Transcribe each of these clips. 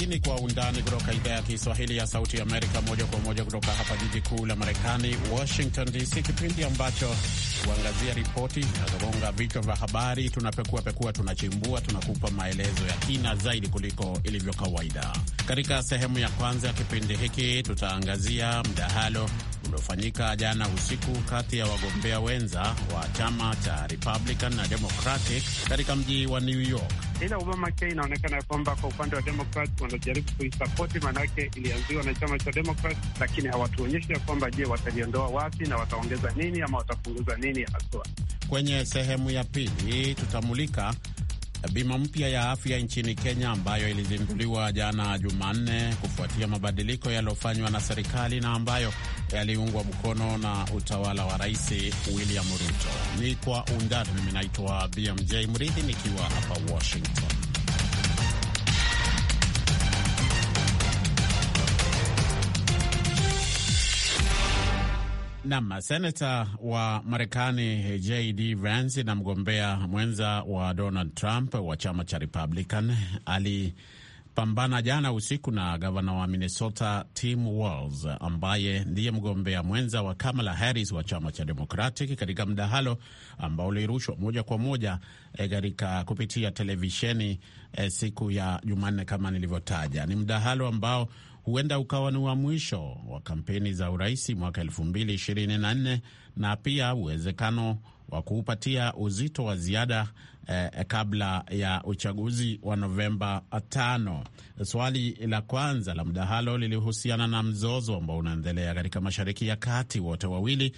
Hii ni Kwa Undani kutoka idhaa ya Kiswahili ya Sauti ya Amerika, moja kwa moja kutoka hapa jiji kuu la Marekani, Washington DC, kipindi ambacho huangazia ripoti zinazogonga vichwa vya habari. Tunapekua pekua, tunachimbua, tunakupa maelezo ya kina zaidi kuliko ilivyo kawaida. Katika sehemu ya kwanza ya kipindi hiki, tutaangazia mdahalo uliofanyika jana usiku kati ya wagombea wenza wa chama cha Republican na Democratic katika mji wa New York ila Obama Care inaonekana ya kwamba kwa upande wa Demokrat wanajaribu kuisapoti, maanake ilianziwa na chama cha Demokrat, lakini ya kwamba je, wataliondoa wapi na wataongeza nini ama watapunguza nini haswa. Kwenye sehemu ya pili tutamulika bima mpya ya afya nchini Kenya ambayo ilizinduliwa jana Jumanne kufuatia mabadiliko yaliyofanywa na serikali na ambayo yaliungwa mkono na utawala wa Rais William Ruto. Ni kwa undani. Mimi naitwa BMJ Mridhi nikiwa hapa Washington. Nam, senata wa Marekani JD Vance na mgombea mwenza wa Donald Trump wa chama cha Republican ali pambana jana usiku na gavana wa Minnesota Tim Walz ambaye ndiye mgombea mwenza wa Kamala Harris wa chama cha Democratic katika mdahalo ambao ulirushwa moja kwa moja eh, katika kupitia televisheni e, siku ya Jumanne kama nilivyotaja. Ni mdahalo ambao huenda ukawa ni wa mwisho wa kampeni za urahisi mwaka nne na pia uwezekano wa kuupatia uzito wa ziada Eh, eh, kabla ya uchaguzi wa Novemba tano. Swali la kwanza la mdahalo lilihusiana na mzozo ambao unaendelea katika Mashariki ya Kati, wote wawili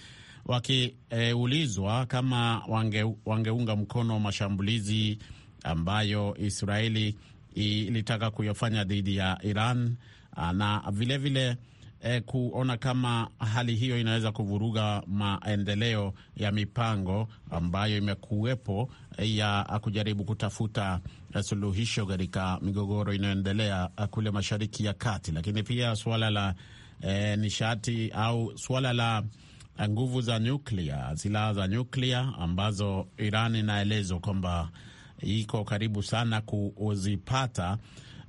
wakiulizwa eh, kama wange, wangeunga mkono mashambulizi ambayo Israeli ilitaka kuyafanya dhidi ya Iran na vilevile vile, eh, kuona kama hali hiyo inaweza kuvuruga maendeleo ya mipango ambayo imekuwepo eh, ya kujaribu kutafuta eh, suluhisho katika migogoro inayoendelea eh, kule Mashariki ya Kati, lakini pia suala la eh, nishati au suala la nguvu za nyuklia, silaha za nyuklia ambazo Iran inaelezwa kwamba iko karibu sana kuzipata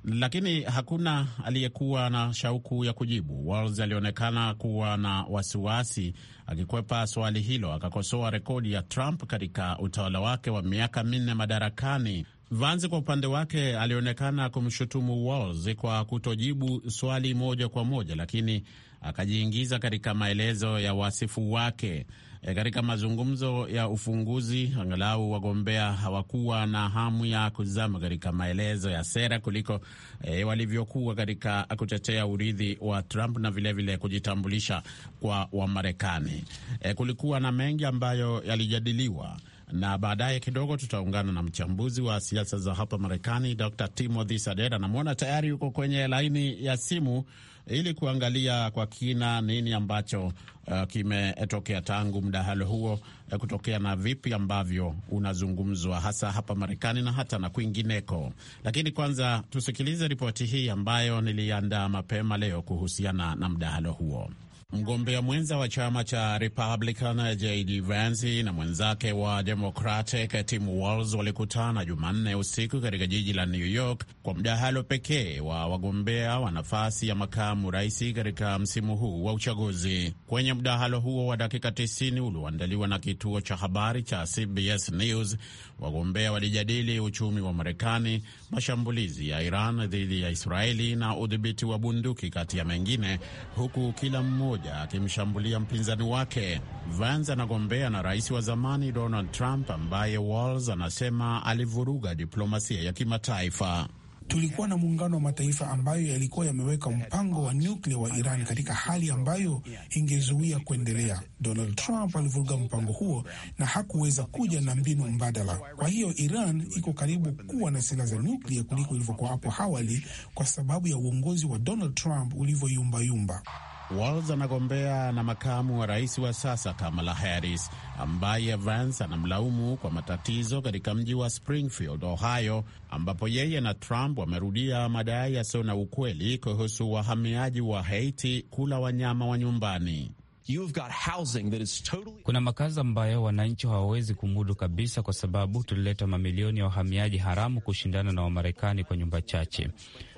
lakini hakuna aliyekuwa na shauku ya kujibu. Walls alionekana kuwa na wasiwasi akikwepa swali hilo, akakosoa rekodi ya Trump katika utawala wake wa miaka minne madarakani. Vance kwa upande wake alionekana kumshutumu Walls kwa kutojibu swali moja kwa moja, lakini akajiingiza katika maelezo ya wasifu wake. E, katika mazungumzo ya ufunguzi, angalau wagombea hawakuwa na hamu ya kuzama katika maelezo ya sera kuliko e, walivyokuwa katika kutetea urithi wa Trump na vilevile vile kujitambulisha kwa Wamarekani. E, kulikuwa na mengi ambayo yalijadiliwa na baadaye kidogo tutaungana na mchambuzi wa siasa za hapa Marekani, Dr Timothy Sadera. Namwona tayari yuko kwenye laini ya simu ili kuangalia kwa kina nini ambacho uh, kimetokea tangu mdahalo huo uh, kutokea na vipi ambavyo unazungumzwa hasa hapa Marekani na hata na kwingineko. Lakini kwanza tusikilize ripoti hii ambayo niliandaa mapema leo kuhusiana na mdahalo huo. Mgombea mwenza wa chama cha Republican JD Vance na mwenzake wa Democratic Tim Walz walikutana Jumanne usiku katika jiji la New York kwa mdahalo pekee wa wagombea wa nafasi ya makamu rais katika msimu huu wa uchaguzi. Kwenye mdahalo huo wa dakika 90 ulioandaliwa na kituo cha habari cha CBS News, wagombea walijadili uchumi wa Marekani, mashambulizi ya Iran dhidi ya Israeli na udhibiti wa bunduki kati ya mengine, huku kila mmoja moja akimshambulia mpinzani wake. Vance anagombea na rais wa zamani Donald Trump ambaye Walls anasema alivuruga diplomasia ya kimataifa. Tulikuwa na muungano wa mataifa ambayo yalikuwa yameweka mpango wa nyuklia wa Iran katika hali ambayo ingezuia kuendelea. Donald Trump alivuruga mpango huo na hakuweza kuja na mbinu mbadala. Kwa hiyo Iran iko karibu kuwa na silaha za nyuklia kuliko ilivyokuwa hapo awali, kwa sababu ya uongozi wa Donald Trump ulivyoyumbayumba. Walz anagombea na makamu wa rais wa sasa Kamala Harris, ambaye Vance anamlaumu kwa matatizo katika mji wa Springfield, Ohio, ambapo yeye na Trump wamerudia madai yasiyo na ukweli kuhusu wahamiaji wa Haiti kula wanyama wa nyumbani. You've got housing that is totally... kuna makazi ambayo wananchi hawawezi kumudu kabisa, kwa sababu tulileta mamilioni ya wahamiaji haramu kushindana na Wamarekani kwa nyumba chache.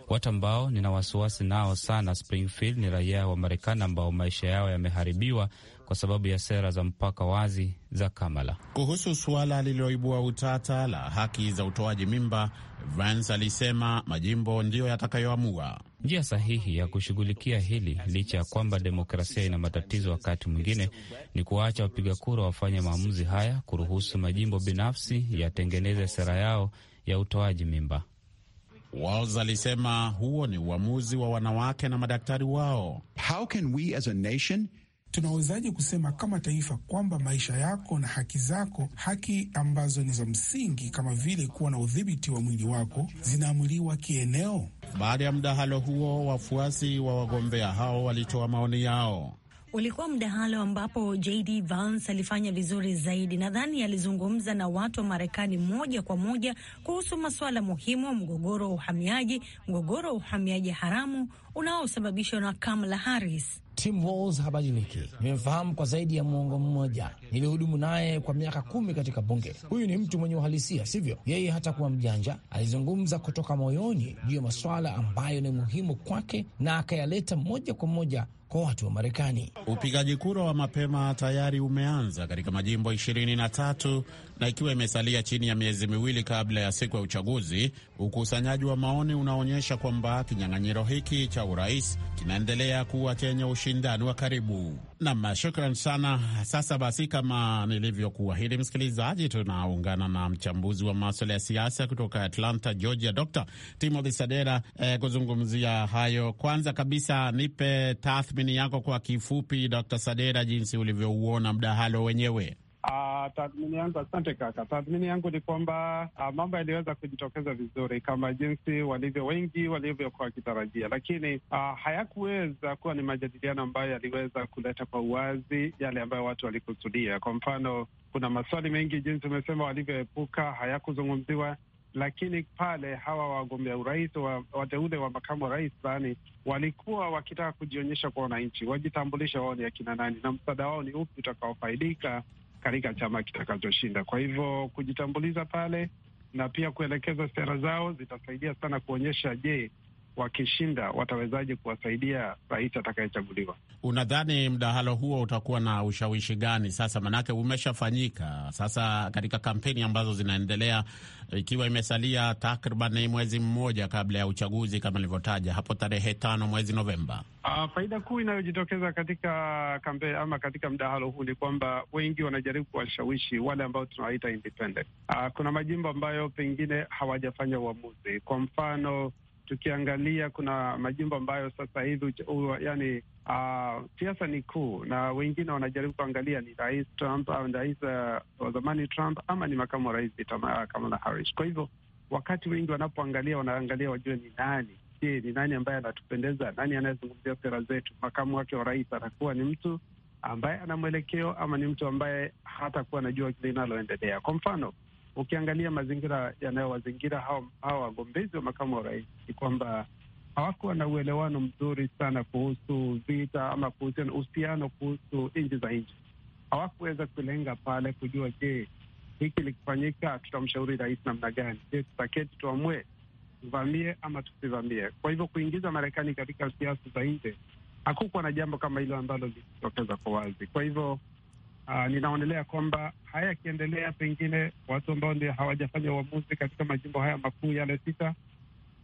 Watu ambao nina wasiwasi nao sana Springfield ni raia wa Marekani ambao maisha yao yameharibiwa kwa sababu ya sera za mpaka wazi za Kamala. Kuhusu suala lililoibua utata la haki za utoaji mimba, Vance alisema majimbo ndiyo yatakayoamua njia sahihi ya kushughulikia hili. Licha ya kwamba demokrasia ina matatizo wakati mwingine, ni kuwaacha wapiga kura wafanye maamuzi haya, kuruhusu majimbo binafsi yatengeneze sera yao ya utoaji mimba. Walls alisema huo ni uamuzi wa wanawake na madaktari wao. How can we as a nation Tunawezaje kusema kama taifa kwamba maisha yako na haki zako, haki ambazo ni za msingi kama vile kuwa na udhibiti wa mwili wako, zinaamuliwa kieneo? Baada ya mdahalo huo, wafuasi wa wagombea hao walitoa maoni yao ulikuwa mdahalo ambapo JD Vance alifanya vizuri zaidi. Nadhani alizungumza na watu wa Marekani moja kwa moja kuhusu masuala muhimu, mgogoro wa uhamiaji, mgogoro wa uhamiaji haramu unaosababishwa na Kamala Harris. Tim Walz habadiliki. Nimemfahamu kwa zaidi ya mwongo mmoja, nilihudumu naye kwa miaka kumi katika bunge. Huyu ni mtu mwenye uhalisia, sivyo? Yeye hata kuwa mjanja, alizungumza kutoka moyoni juu ya masuala ambayo ni muhimu kwake na akayaleta moja kwa moja kwa watu wa Marekani. Upigaji kura wa mapema tayari umeanza katika majimbo ishirini na ikiwa imesalia chini ya miezi miwili kabla ya siku ya uchaguzi, ukusanyaji wa maoni unaonyesha kwamba kinyang'anyiro hiki cha urais kinaendelea kuwa chenye ushindani wa karibu. Nam, shukran sana. Sasa basi, kama nilivyokuahidi, msikilizaji, tunaungana na mchambuzi wa maswala ya siasa kutoka Atlanta, Georgia, Dr Timothy Sadera eh, kuzungumzia hayo. Kwanza kabisa nipe tath tathmini yako kwa kifupi, Dr. Sadera, jinsi ulivyouona mdahalo wenyewe? Uh, tathmini yangu, asante kaka. Tathmini yangu ni kwamba uh, mambo yaliweza kujitokeza vizuri kama jinsi walivyo wengi walivyokuwa wakitarajia, lakini uh, hayakuweza kuwa ni majadiliano ambayo yaliweza kuleta kwa uwazi yale ambayo watu walikusudia. Kwa mfano, kuna maswali mengi jinsi umesema walivyoepuka hayakuzungumziwa, lakini pale hawa wagombea urais wa, wateule wa makamu wa rais bani walikuwa wakitaka kujionyesha kwa wananchi, wajitambulisha wao ni akina nani na msaada wao ni upi utakaofaidika katika chama kitakachoshinda. Kwa hivyo kujitambuliza pale na pia kuelekeza sera zao zitasaidia sana kuonyesha, je, wakishinda watawezaje kuwasaidia rais atakayechaguliwa? Unadhani mdahalo huo utakuwa na ushawishi gani sasa? Manake umeshafanyika sasa katika kampeni ambazo zinaendelea, ikiwa imesalia takriban mwezi mmoja kabla ya uchaguzi kama nilivyotaja hapo, tarehe tano mwezi Novemba. Uh, faida kuu inayojitokeza katika kampeni ama katika mdahalo huu ni kwamba wengi wanajaribu kuwashawishi wale ambao tunawaita independent. Uh, kuna majimbo ambayo pengine hawajafanya uamuzi, kwa mfano tukiangalia kuna majimbo ambayo sasa hivi yani ah, siasa uh, ni kuu, na wengine wanajaribu kuangalia ni rais Trump au rais eh, wa zamani Trump ama ni makamu wa rais Kamala Harris. Kwa hivyo wakati wengi wanapoangalia wanaangalia wajue ni nani, je, ni nani ambaye anatupendeza, nani anayezungumzia sera zetu? Makamu wake wa rais atakuwa ni mtu ambaye ana mwelekeo ama ni mtu ambaye hatakuwa anajua linaloendelea. Kwa mfano ukiangalia mazingira yanayowazingira hawa wagombezi wa makamu wa rais ni kwamba hawakuwa na uelewano mzuri sana kuhusu vita ama kuhusu uhusiano kuhusu nchi za nchi. Hawakuweza kulenga pale kujua, je, hiki likifanyika tutamshauri rais namna gani? Je, tutaketi tuamue tuvamie ama tusivamie? Kwa hivyo kuingiza Marekani katika siasa za nje hakukuwa na jambo kama hilo ambalo lilitokeza kwa wazi. Kwa hivyo Ah, ninaonelea kwamba haya yakiendelea, pengine watu ambao ndio hawajafanya uamuzi katika majimbo haya makuu yale sita,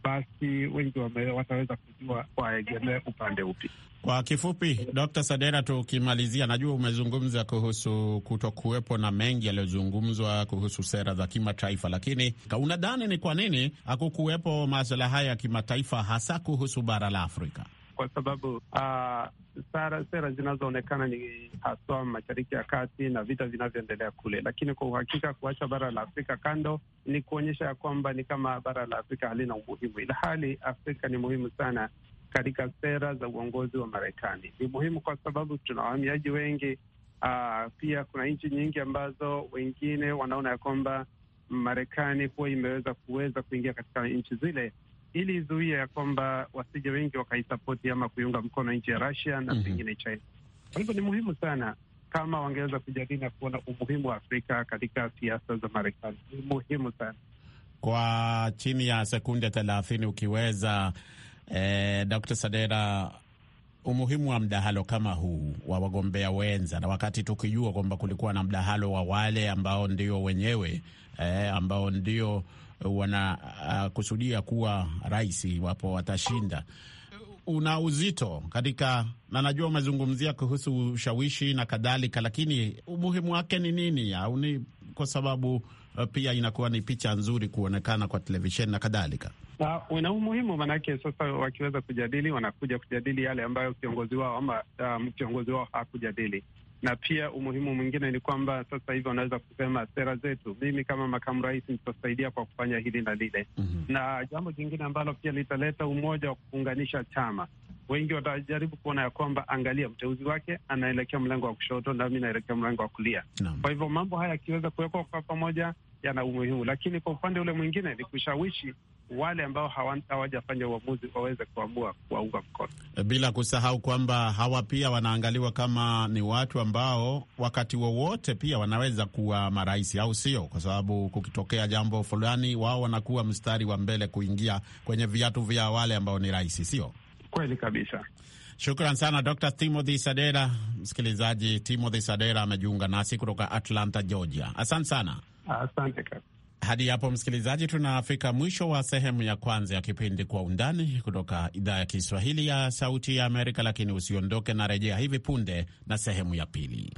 basi wengi wataweza kujua waegemee upande upi. Kwa kifupi, Dr. Sadera, tukimalizia, najua umezungumza kuhusu kutokuwepo na mengi yaliyozungumzwa kuhusu sera za kimataifa, lakini unadhani ni kwa nini hakukuwepo masuala haya ya kimataifa hasa kuhusu bara la Afrika? kwa sababu uh, sera zinazoonekana ni haswa Mashariki ya Kati na vita vinavyoendelea kule, lakini kwa uhakika kuacha bara la Afrika kando ni kuonyesha ya kwamba ni kama bara la Afrika halina umuhimu, ila hali Afrika ni muhimu sana katika sera za uongozi wa Marekani. Ni muhimu kwa sababu tuna wahamiaji wengi. Uh, pia kuna nchi nyingi ambazo wengine wanaona ya kwamba Marekani huwa imeweza kuweza kuingia katika nchi zile ili zuia ya kwamba wasije wengi wakaisapoti ama kuiunga mkono nchi ya Russia na mhm. pengine mm -hmm. China. Kwa hivyo ni muhimu sana kama wangeweza kujadili na kuona umuhimu wa Afrika katika siasa za Marekani, ni muhimu sana kwa chini ya sekunde thelathini ukiweza. Eh, Dr. Sadera, umuhimu wa mdahalo kama huu wa wagombea wenza, na wakati tukijua kwamba kulikuwa na mdahalo wa wale ambao ndio wenyewe eh, ambao ndio wanakusudia uh, kuwa rais iwapo watashinda una uzito katika, na najua umezungumzia kuhusu ushawishi na kadhalika, lakini umuhimu wake ni nini? Au ni kwa sababu uh, pia inakuwa ni picha nzuri kuonekana kwa televisheni na kadhalika? Ah, una umuhimu maanake, sasa wakiweza kujadili, wanakuja kujadili yale ambayo kiongozi wao ama um, kiongozi wao hakujadili na pia umuhimu mwingine ni kwamba sasa hivi wanaweza kusema sera zetu, mimi kama makamu rais nitasaidia kwa kufanya hili na lile. mm -hmm. Na jambo jingine ambalo pia litaleta umoja wa kuunganisha chama, wengi watajaribu kuona ya kwamba angalia, mteuzi wake anaelekea mlengo wa kushoto, nami naelekea mlengo wa kulia. no. Kwa hivyo mambo haya yakiweza kuwekwa kwa pamoja yana umuhimu, lakini kwa upande ule mwingine ni kushawishi wale ambao hawajafanya uamuzi waweze kuamua kuwaunga mkono, bila kusahau kwamba hawa pia wanaangaliwa kama ni watu ambao wakati wowote wa pia wanaweza kuwa marais, au sio? Kwa sababu kukitokea jambo fulani, wao wanakuwa mstari wa mbele kuingia kwenye viatu vya wale ambao ni rais, sio kweli? Kabisa. Shukran sana Dr Timothy Sadera. Msikilizaji, Timothy Sadera amejiunga nasi kutoka Atlanta, Georgia. Asante sana, asante kaka. Hadi hapo msikilizaji, tunafika mwisho wa sehemu ya kwanza ya kipindi Kwa Undani kutoka idhaa ya Kiswahili ya Sauti ya Amerika, lakini usiondoke na rejea hivi punde na sehemu ya pili.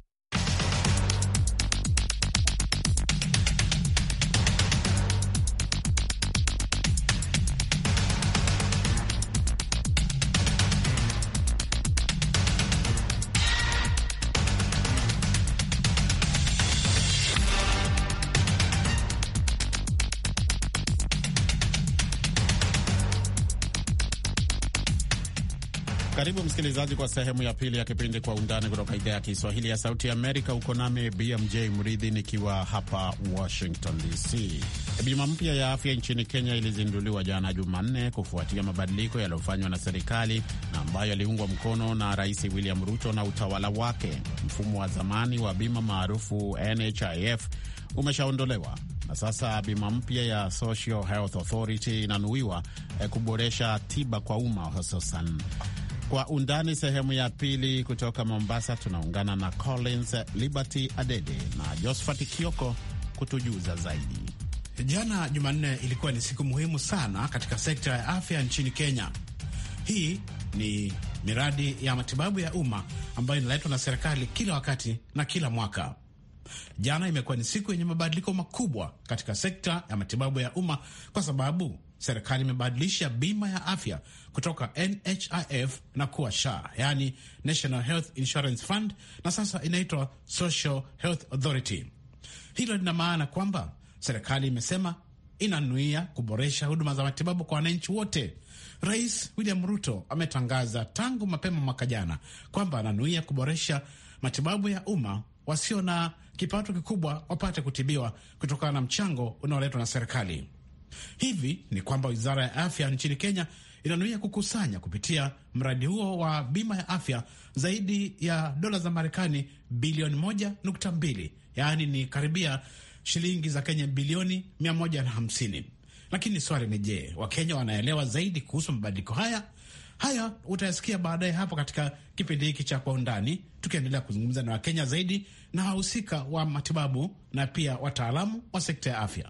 Karibu msikilizaji kwa sehemu ya pili ya kipindi Kwa Undani kutoka idhaa ya Kiswahili ya Sauti Amerika. Uko nami BMJ Mridhi nikiwa hapa Washington DC. Bima mpya ya afya nchini Kenya ilizinduliwa jana Jumanne kufuatia mabadiliko yaliyofanywa na serikali na ambayo yaliungwa mkono na Rais William Ruto na utawala wake. Mfumo wa zamani wa bima maarufu NHIF umeshaondolewa na sasa bima mpya ya Social Health Authority inanuiwa eh, kuboresha tiba kwa umma hususan kwa undani sehemu ya pili. Kutoka Mombasa tunaungana na Collins Liberty Adede na Josphat Kioko kutujuza zaidi. Jana Jumanne ilikuwa ni siku muhimu sana katika sekta ya afya nchini Kenya. Hii ni miradi ya matibabu ya umma ambayo inaletwa na serikali kila wakati na kila mwaka. Jana imekuwa ni siku yenye mabadiliko makubwa katika sekta ya matibabu ya umma kwa sababu serikali imebadilisha bima ya afya kutoka NHIF na kuwa SHA, yani National Health Insurance Fund, na sasa inaitwa Social Health Authority. Hilo lina maana kwamba serikali imesema inanuia kuboresha huduma za matibabu kwa wananchi wote. Rais William Ruto ametangaza tangu mapema mwaka jana kwamba ananuia kuboresha matibabu ya umma wasio na kipato kikubwa wapate kutibiwa kutokana na mchango unaoletwa na serikali. Hivi ni kwamba wizara ya afya nchini Kenya inanuia kukusanya kupitia mradi huo wa bima ya afya zaidi ya dola za Marekani bilioni 1.2, yaani ni karibia shilingi za Kenya bilioni 150. Lakini swali ni je, Wakenya wanaelewa zaidi kuhusu mabadiliko haya Haya utayasikia baadaye hapo katika kipindi hiki cha Kwa Undani, tukiendelea kuzungumza na Wakenya zaidi na wahusika wa matibabu na pia wataalamu wa sekta ya afya.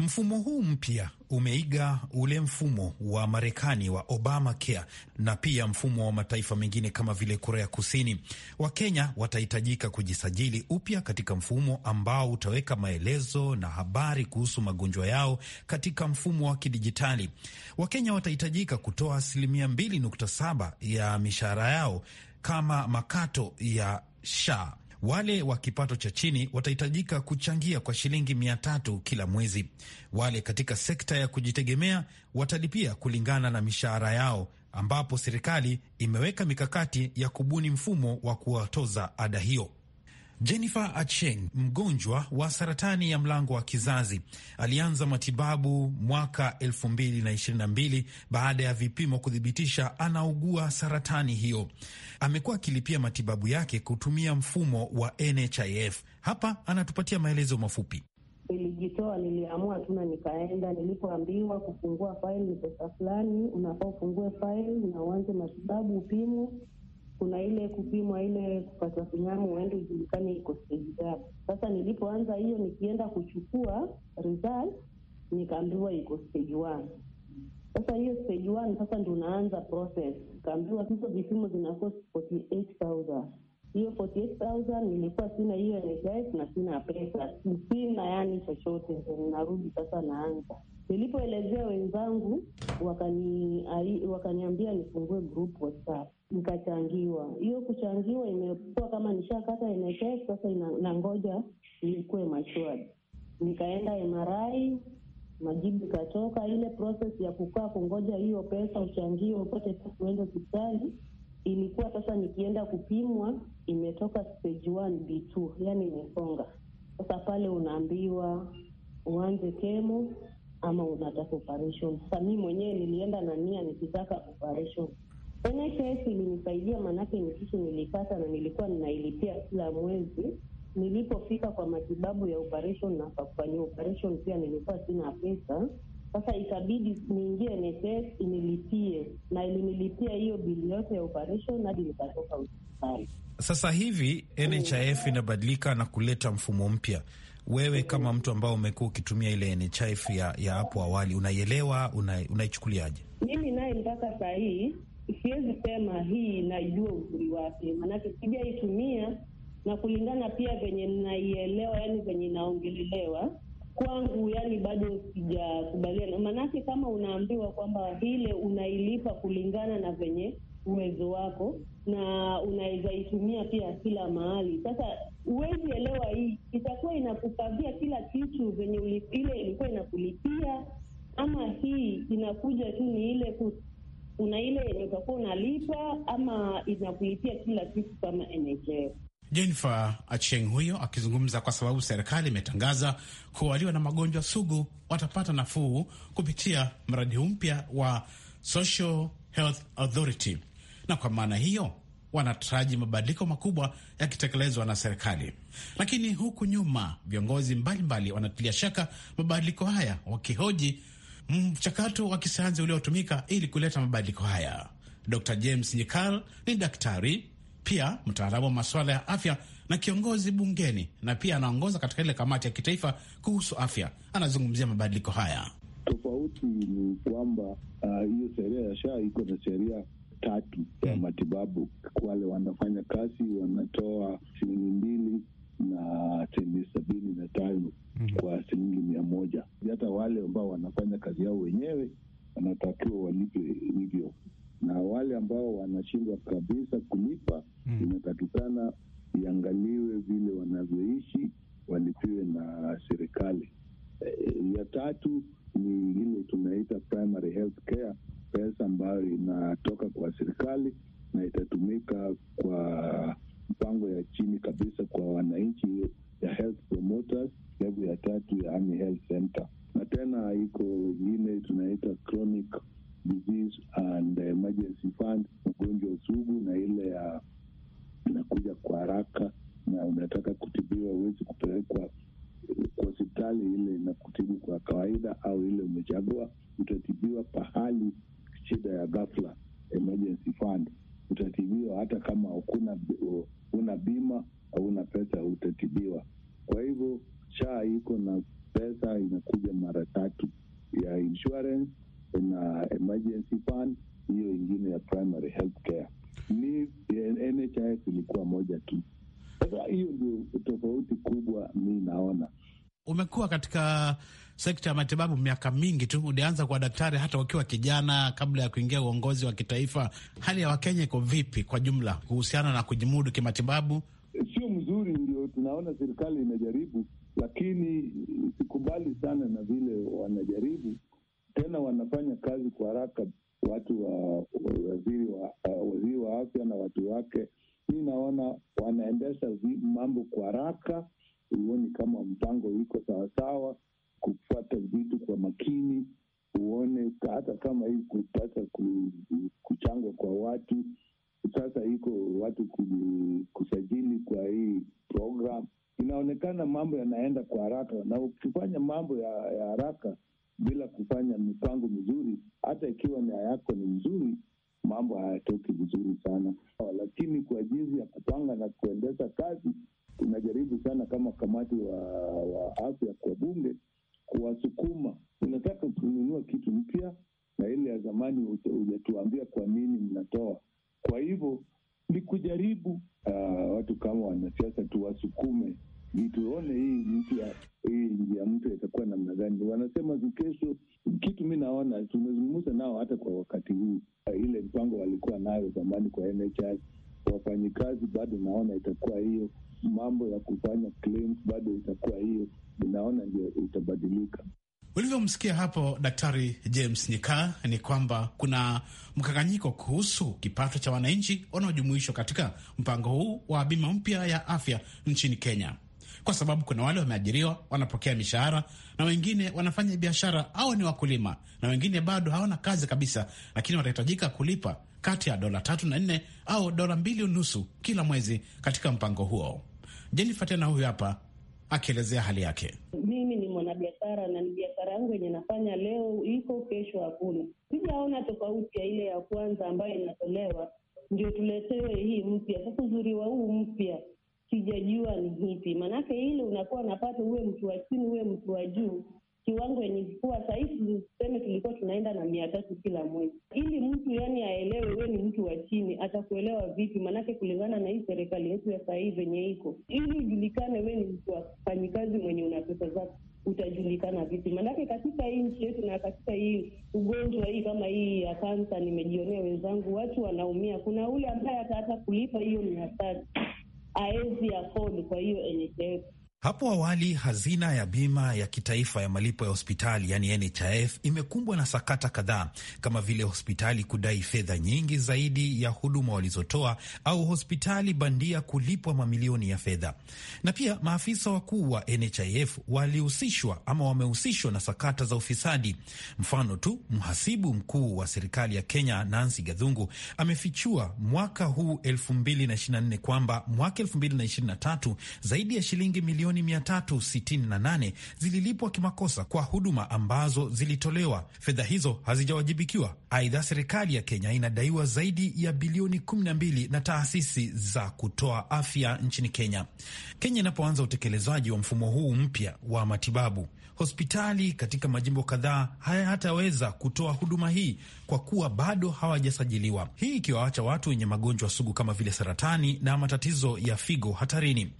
Mfumo huu mpya umeiga ule mfumo wa Marekani wa Obamacare na pia mfumo wa mataifa mengine kama vile Korea Kusini. Wakenya watahitajika kujisajili upya katika mfumo ambao utaweka maelezo na habari kuhusu magonjwa yao katika mfumo wa kidijitali. Wakenya watahitajika kutoa asilimia 2.7 ya mishahara yao kama makato ya SHA wale wa kipato cha chini watahitajika kuchangia kwa shilingi mia tatu kila mwezi. Wale katika sekta ya kujitegemea watalipia kulingana na mishahara yao, ambapo serikali imeweka mikakati ya kubuni mfumo wa kuwatoza ada hiyo. Jennifer Acheng, mgonjwa wa saratani ya mlango wa kizazi, alianza matibabu mwaka 2022 baada ya vipimo kuthibitisha anaugua saratani hiyo. Amekuwa akilipia matibabu yake kutumia mfumo wa NHIF. Hapa anatupatia maelezo mafupi. Nilijitoa, niliamua tuna, nikaenda. Nilipoambiwa kufungua faili ni pesa fulani, unafaa ufungue faili na uanze matibabu, upimwe kuna ile kupimwa ile kupatwa sindano uende ujulikane iko stage gani. Sasa nilipoanza hiyo, nikienda kuchukua result nikaambiwa iko stage one. Sasa hiyo stage one sasa ndio unaanza process, kaambiwa hizo vipimo zina cost 48000 hiyo 48000 nilikuwa sina hiyo NHIF na sina pesa sina, yani chochote, ndio ninarudi sasa naanza Nilipoelezea wenzangu, wakani wakaniambia nifungue group WhatsApp, nikachangiwa. Hiyo kuchangiwa imekuwa kama nishakata NHS, sasa nangoja nikuwe mashwadi Nikaenda MRI, majibu ikatoka. Ile process ya kukaa kungoja hiyo pesa uchangiwe upate kuenda hospitali ilikuwa sasa, nikienda kupimwa imetoka stage B2, yani imesonga. Sasa pale unaambiwa uanze kemo ama unataka operation. Sasa mi mwenyewe nilienda na nia nikitaka operation. NHS ilinisaidia, maanake ni kitu nilipata na nilikuwa ninailipia kila mwezi. Nilipofika kwa matibabu ya operation na kufanyia operation pia nilikuwa sina pesa. Sasa ikabidi niingie NHS inilipie, na ilinilipia hiyo bili yote ya operation hadi nikatoka hospitali. Sasa hivi NHIF inabadilika na kuleta mfumo mpya wewe kama mtu ambao umekuwa ukitumia ile NHIF ya, ya hapo awali unaielewa, unaichukuliaje? Una mimi naye mpaka saa hii siwezi sema hii inajua uzuri wake, maanake sijaitumia na kulingana pia venye naielewa, yani venye inaongelelewa kwangu, yani bado sijakubaliana, maanake kama unaambiwa kwamba ile unailipa kulingana na venye uwezo wako na unaweza itumia pia kila mahali. Sasa huwezi elewa, hii itakuwa inakupavia kila kitu venye ile ilikuwa inakulipia, ama hii inakuja tu ni ile kuna ile yenye utakuwa unalipa ama inakulipia kila kitu kama NHF. Jennifer Acheng huyo akizungumza kwa sababu serikali imetangaza kuwa walio na magonjwa sugu watapata nafuu kupitia mradi mpya wa Social Health Authority na kwa maana hiyo wanataraji mabadiliko makubwa yakitekelezwa na serikali. Lakini huku nyuma viongozi mbalimbali wanatilia shaka mabadiliko haya, wakihoji mchakato wa kisayansi uliotumika ili kuleta mabadiliko haya. Dr James Nyikal ni daktari pia mtaalamu wa masuala ya afya na kiongozi bungeni, na pia anaongoza katika ile kamati ya kitaifa kuhusu afya. Anazungumzia mabadiliko haya. Tofauti ni kwamba ah, hiyo uh, sheria ya SHA iko na sheria tatu ya hmm. matibabu. Wale wanafanya kazi wanatoa shilingi mbili na senti sabini na tano hmm. kwa shilingi mia moja. Hata wale ambao wanafanya kazi yao wenyewe wanatakiwa walipe hivyo, na wale ambao wanashindwa kabisa kulipa mm. inatakikana iangaliwe vile wanavyoishi walipiwe na serikali. E, ya tatu ni ile tunaita primary health care pesa ambayo inatoka kwa serikali na itatumika kwa mpango ya chini kabisa kwa wananchi ya health promoters, level ya tatu ya Health Center, na tena iko ingine tunaita chronic disease and emergency fund, mgonjwa sugu, na ile ya inakuja kwa haraka na unataka kutibiwa, uwezi kupelekwa kwa hospitali ile inakutibu kwa kawaida, au ile umechagua utatibiwa pahali katika sekta ya matibabu miaka mingi tu, ulianza kwa daktari hata wakiwa kijana kabla ya kuingia uongozi wa kitaifa. Hali ya Wakenya iko vipi kwa jumla kuhusiana na kujimudu kimatibabu? Sio mzuri, ndio tunaona serikali imejaribu, lakini sikubali sana na vile wanajaribu tena, wanafanya kazi kwa haraka, watu wa waziri wa, waziri wa afya na watu wake. Mi naona wanaendesha mambo kwa haraka uone kama mpango uko sawasawa, kupata vitu kwa makini, huone hata kama hii kupata kuchangwa kwa watu sasa iko watu kusajili kwa hii program, inaonekana mambo yanaenda kwa haraka, na ukifanya mambo ya, ya haraka bila kufanya mipango mizuri, hata ikiwa nia yako ni mzuri, mambo hayatoki vizuri sana. Lakini kwa jinsi ya kupanga na kuendesha kazi tunajaribu sana kama kamati wa, wa afya kwa bunge kuwasukuma, unataka kununua kitu mpya na ile ya zamani hujatuambia kwa nini mnatoa. Kwa hivyo ni kujaribu uh, watu kama wanasiasa tuwasukume tuone hii mpya hii njia mpya itakuwa namna gani. Wanasema kesho kitu, mi naona tumezungumza nao hata kwa wakati huu, ah, ile mpango walikuwa nayo zamani kwa NHS wafanyikazi, bado naona itakuwa hiyo mambo ya kufanya claims bado itakuwa hiyo, ninaona ndio itabadilika. Ulivyomsikia hapo Daktari James Nyika, ni kwamba kuna mkanganyiko kuhusu kipato cha wananchi wanaojumuishwa katika mpango huu wa bima mpya ya afya nchini Kenya, kwa sababu kuna wale wameajiriwa wanapokea mishahara na wengine wanafanya biashara au ni wakulima na wengine bado hawana kazi kabisa, lakini watahitajika kulipa kati ya dola tatu na nne au dola mbili unusu kila mwezi katika mpango huo. Jennifer tena huyu hapa akielezea hali yake. Mimi ni mwanabiashara na ni biashara yangu yenye nafanya leo iko, kesho hakuna. Sijaona tofauti ya ile ya kwanza ambayo inatolewa, ndio tuletewe hii mpya. Sasa uzuri wa huu mpya sijajua ni hipi, maanake ile unakuwa napata, uwe mtu wa chini, uwe mtu wa juu kiwango yenye kuwa sahizi, tuseme tulikuwa tunaenda na mia tatu kila mwezi, ili mtu yani aelewe we ni mtu wa chini, atakuelewa vipi? Maanake kulingana na hii serikali yetu ya sahii venye iko, ili ujulikane we ni mtu wa fanyikazi mwenye una pesa zako utajulikana vipi? Maanake katika hii nchi yetu na katika hii ugonjwa hii kama hii ya kansa, nimejionea wenzangu, watu wanaumia. Kuna ule ambaye ataata kulipa hiyo mia tatu aezi afford kwa hiyo NHF hapo awali hazina ya bima ya kitaifa ya malipo ya hospitali yani NHIF imekumbwa na sakata kadhaa kama vile hospitali kudai fedha nyingi zaidi ya huduma walizotoa au hospitali bandia kulipwa mamilioni ya fedha. Na pia maafisa wakuu wa NHIF walihusishwa ama wamehusishwa na sakata za ufisadi. Mfano tu, mhasibu mkuu wa serikali ya Kenya Nancy Gadhungu amefichua mwaka huu 2024 kwamba mwaka 2023 zaidi ya shilingi milioni milioni 368 zililipwa kimakosa kwa huduma ambazo zilitolewa. Fedha hizo hazijawajibikiwa. Aidha, serikali ya Kenya inadaiwa zaidi ya bilioni 12 na taasisi za kutoa afya nchini Kenya. Kenya inapoanza utekelezaji wa mfumo huu mpya wa matibabu hospitali katika majimbo kadhaa hayataweza kutoa huduma hii kwa kuwa bado hawajasajiliwa, hii ikiwaacha watu wenye magonjwa sugu kama vile saratani na matatizo ya figo hatarini.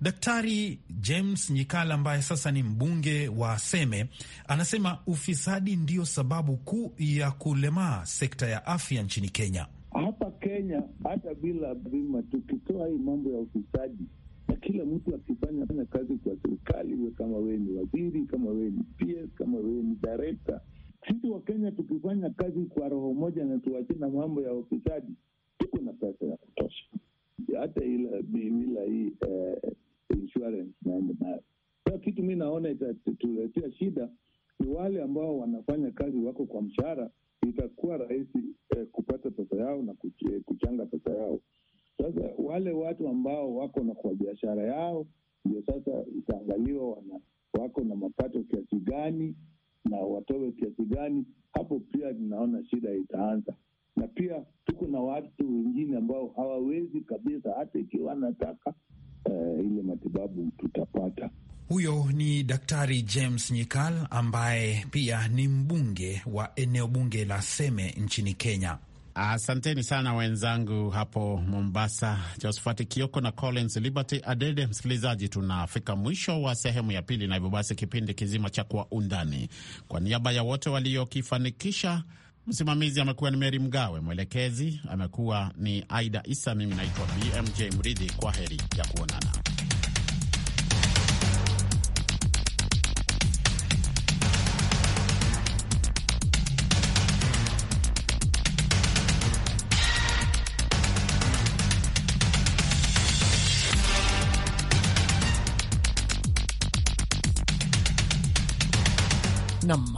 Daktari James Nyikala ambaye sasa ni mbunge wa Seme anasema ufisadi ndiyo sababu kuu ya kulemaa sekta ya afya nchini Kenya. Hapa Kenya hata bila bima, tukitoa hii mambo ya ufisadi na kila mtu akifanya fanya kazi kwa serikali, we kama wewe ni waziri, kama wewe ni PS, kama wewe ni director. Sisi Wakenya tukifanya kazi kwa roho moja na tuwachina na mambo ya ufisadi, tuko na pesa ya kutosha, hata ila bila hii uh, insurance naende nayo. Sasa kitu mi naona itatuletea shida ni wale ambao wanafanya kazi wako kwa mshahara, itakuwa rahisi eh, kupata pesa yao na eh, kuchanga pesa yao sasa wale watu ambao wako na kwa biashara yao ndio sasa itaangaliwa wana wako na mapato kiasi gani na watowe kiasi gani. Hapo pia ninaona shida itaanza, na pia tuko na watu wengine ambao hawawezi kabisa, hata ikiwa anataka uh, eh, ile matibabu tutapata. Huyo ni Daktari James Nyikal ambaye pia ni mbunge wa eneo bunge la Seme nchini Kenya. Asanteni sana wenzangu hapo Mombasa, Josphat Kioko na Collins Liberty Adede. Msikilizaji, tunafika mwisho wa sehemu ya pili, na hivyo basi kipindi kizima cha Kwa Undani, kwa niaba ya wote waliokifanikisha, msimamizi amekuwa ni Meri Mgawe, mwelekezi amekuwa ni Aida Isa, mimi naitwa BMJ Mridhi. Kwa heri ya kuonana.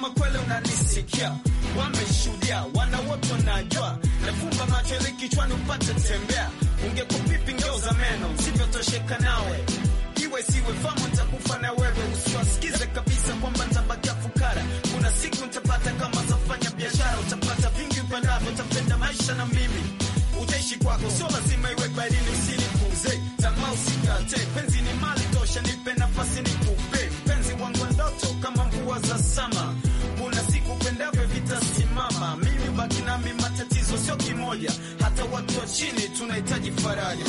kama kweli unanisikia, wameshuhudia wana wote wanajua, nafumba macho ili kichwani upate tembea, ungekupipi ngeuza meno sivyotosheka nawe iwe siwe famu ntakufa na wewe, usiwasikize kabisa kwamba ntabakia fukara. Kuna siku ntapata kama zafanya biashara, utapata vingi upendavyo, utapenda maisha na mimi utaishi kwako, sio lazima iwe baharini. Usinipuuze tama, usikate penzi, ni mali tosha, nipe nafasi nikupe penzi wangu, ndoto kama mvua za sama vilevyo vitasimama. Mimi baki nami, matatizo sio kimoja, hata watu wa chini tunahitaji faraja.